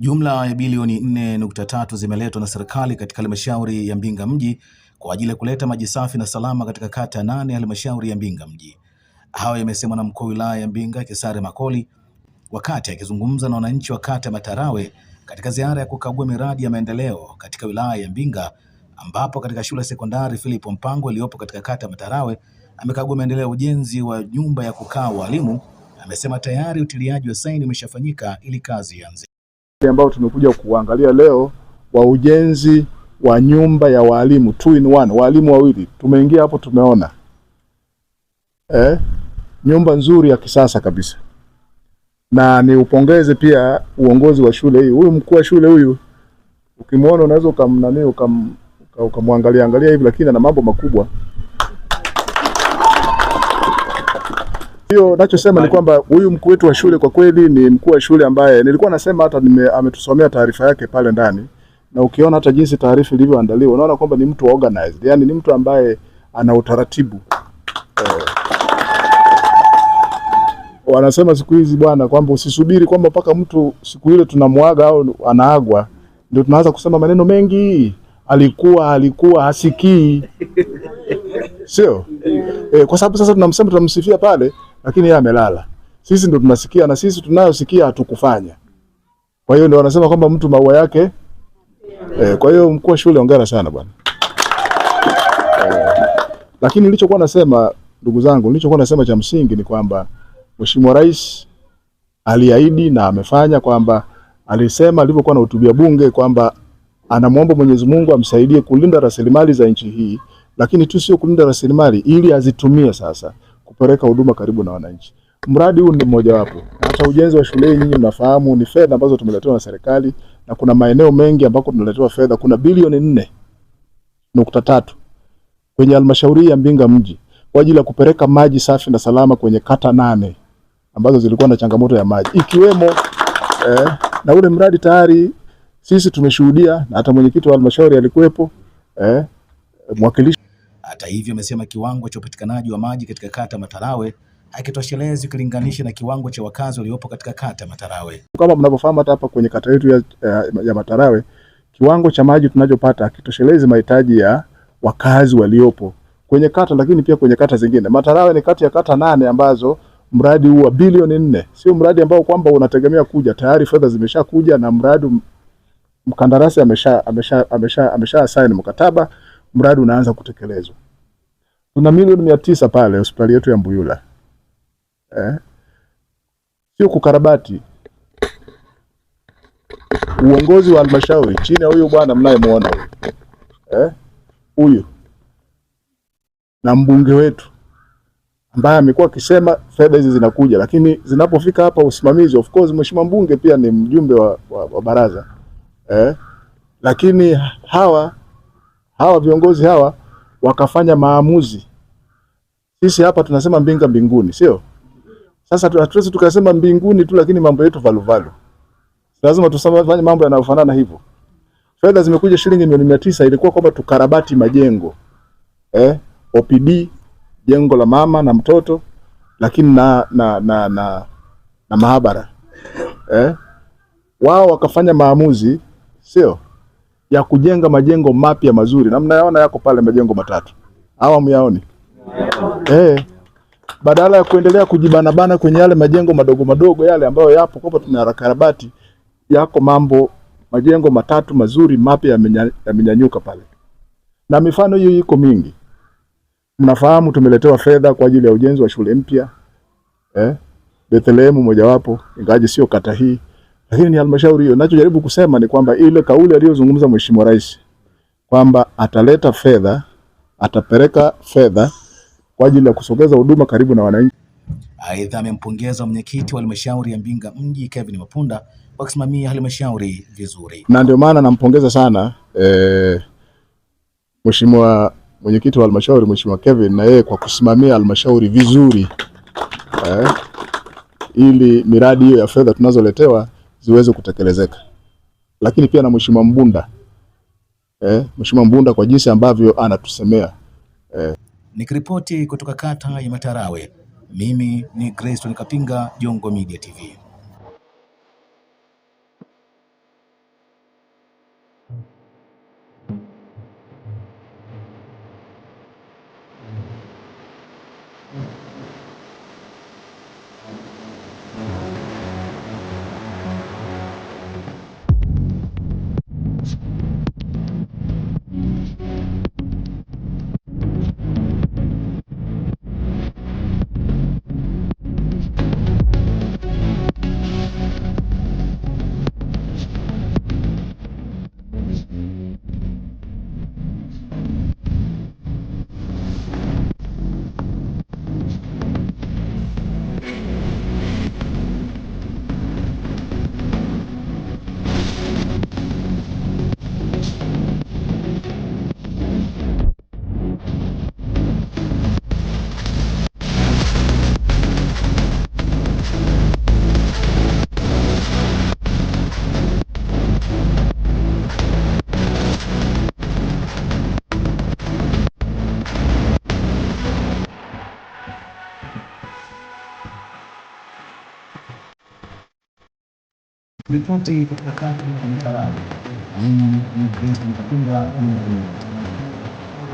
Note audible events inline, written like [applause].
Jumla ya bilioni 4.3 zimeletwa na serikali katika halmashauri ya Mbinga mji kwa ajili ya kuleta maji safi na salama katika kata nane ya halmashauri ya Mbinga mji. Hayo yamesemwa na mkuu wa wilaya ya Mbinga Kisare Makoli wakati akizungumza na wananchi wa kata Matarawe katika ziara ya kukagua miradi ya maendeleo katika wilaya ya Mbinga ambapo katika shule ya sekondari Philip Mpango iliyopo katika kata Matarawe amekagua maendeleo ya ujenzi wa nyumba ya kukaa walimu. Amesema tayari utiliaji wa saini umeshafanyika ili kazi ianze ambao tumekuja kuangalia leo wa ujenzi wa nyumba ya walimu two in one, walimu wawili. Tumeingia hapo tumeona eh, nyumba nzuri ya kisasa kabisa, na ni upongeze pia uongozi wa shule hii. Huyu mkuu wa shule huyu ukimwona unaweza ukamnani ukamwangalia angalia hivi, lakini ana mambo makubwa. Hiyo nachosema ni kwamba huyu mkuu wetu wa shule kwa kweli ni mkuu wa shule ambaye nilikuwa nasema hata nime, ametusomea taarifa yake pale ndani, na ukiona hata jinsi taarifa ilivyoandaliwa unaona kwamba ni mtu organized, yani ni mtu ambaye ana utaratibu eh. Wanasema siku hizi bwana, kwamba usisubiri kwamba mpaka mtu siku ile tunamwaga au anaagwa ndio tunaanza kusema maneno mengi, alikuwa alikuwa hasikii, [laughs] sio eh, kwa sababu sasa tunamsema tunamsifia pale lakini yeye amelala. Sisi ndo tunasikia na sisi tunayosikia hatukufanya. Kwa hiyo ndio wanasema kwamba mtu maua yake yeah. eh. Kwa hiyo mkuu wa shule ongera sana bwana eh. Lakini nilichokuwa nasema ndugu zangu, nilichokuwa nasema cha msingi ni kwamba Mheshimiwa Rais aliahidi na amefanya kwamba alisema alivyokuwa na hutubia bunge kwamba anamwomba Mwenyezi Mungu amsaidie kulinda rasilimali za nchi hii, lakini tu sio kulinda rasilimali ili azitumie sasa kupeleka huduma karibu na wananchi. Mradi huu ni mmojawapo. Hata ujenzi wa shule nyinyi mnafahamu ni fedha ambazo tumeletewa na serikali, na kuna maeneo mengi ambako tunaletewa fedha. Kuna bilioni nne nukta tatu kwenye halmashauri ya Mbinga mji kwa ajili ya kupeleka maji safi na salama kwenye kata nane ambazo zilikuwa na changamoto ya maji ikiwemo eh, na ule mradi tayari sisi tumeshuhudia na hata mwenyekiti wa halmashauri alikuwepo eh, mwakilishi hata hivyo, amesema kiwango cha upatikanaji wa maji katika kata Matarawe hakitoshelezi ukilinganisha na kiwango cha wakazi waliopo katika kata Matarawe. Kama mnavyofahamu, hata hapa kwenye kata yetu ya, ya, eh, ya Matarawe kiwango cha maji tunachopata hakitoshelezi mahitaji ya wakazi waliopo kwenye kata, lakini pia kwenye kata zingine. Matarawe ni kati ya kata nane ambazo mradi huu wa bilioni nne sio mradi ambao kwamba unategemea kuja, tayari fedha zimeshakuja na mradi mkandarasi amesha amesha amesha amesha saini mkataba mradi unaanza kutekelezwa. Tuna milioni mia tisa pale hospitali yetu ya Mbuyula eh? Sio kukarabati. Uongozi wa halmashauri chini ya huyu bwana mnayemwona huyu eh? na mbunge wetu ambaye amekuwa akisema fedha hizi zinakuja, lakini zinapofika hapa usimamizi, of course mheshimiwa mbunge pia ni mjumbe wa, wa, wa baraza eh? lakini hawa hawa viongozi hawa wakafanya maamuzi. Sisi hapa tunasema mbinga mbinguni, sio? Sasa hatuwezi tukasema mbinguni tu, lakini mambo yetu valuvalu, lazima tusafanye mambo yanayofanana hivyo. Fedha zimekuja shilingi milioni mia tisa, ilikuwa kwamba tukarabati majengo eh, OPD jengo la mama na mtoto, lakini na na na, na, na maabara eh, wao wakafanya maamuzi, sio ya kujenga majengo mapya mazuri, na mnayaona yako pale majengo matatu, hawa myaoni yeah. Eh, badala ya kuendelea kujibanabana kwenye yale majengo madogo madogo yale ambayo yapo kwamba tunarakarabati, yako mambo majengo matatu mazuri mapya yamenyanyuka pale, na mifano hiyo iko mingi. Mnafahamu tumeletewa fedha kwa ajili ya ujenzi wa shule mpya eh, Bethlehemu mojawapo, ingawaje sio kata hii lakini ni halmashauri hiyo. Ninachojaribu kusema ni kwamba ile kauli aliyozungumza Mheshimiwa Rais kwamba ataleta fedha, atapeleka fedha kwa ajili ya kusogeza huduma karibu na wananchi. Aidha, amempongeza mwenyekiti wa halmashauri ya Mbinga mji Kevin Mapunda kwa kusimamia halmashauri vizuri, na ndio maana nampongeza sana eh, Mheshimiwa mwenyekiti wa halmashauri Mheshimiwa Kevin na yeye kwa kusimamia halmashauri vizuri eh, ili miradi hiyo ya fedha tunazoletewa ziweze kutekelezeka. Lakini pia na Mheshimiwa Mbunda eh, Mheshimiwa Mbunda kwa jinsi ambavyo anatusemea eh. Nikiripoti kutoka kata ya Matarawe, mimi ni Grayston Kapinga, Jongo Media TV. est Vyovyote de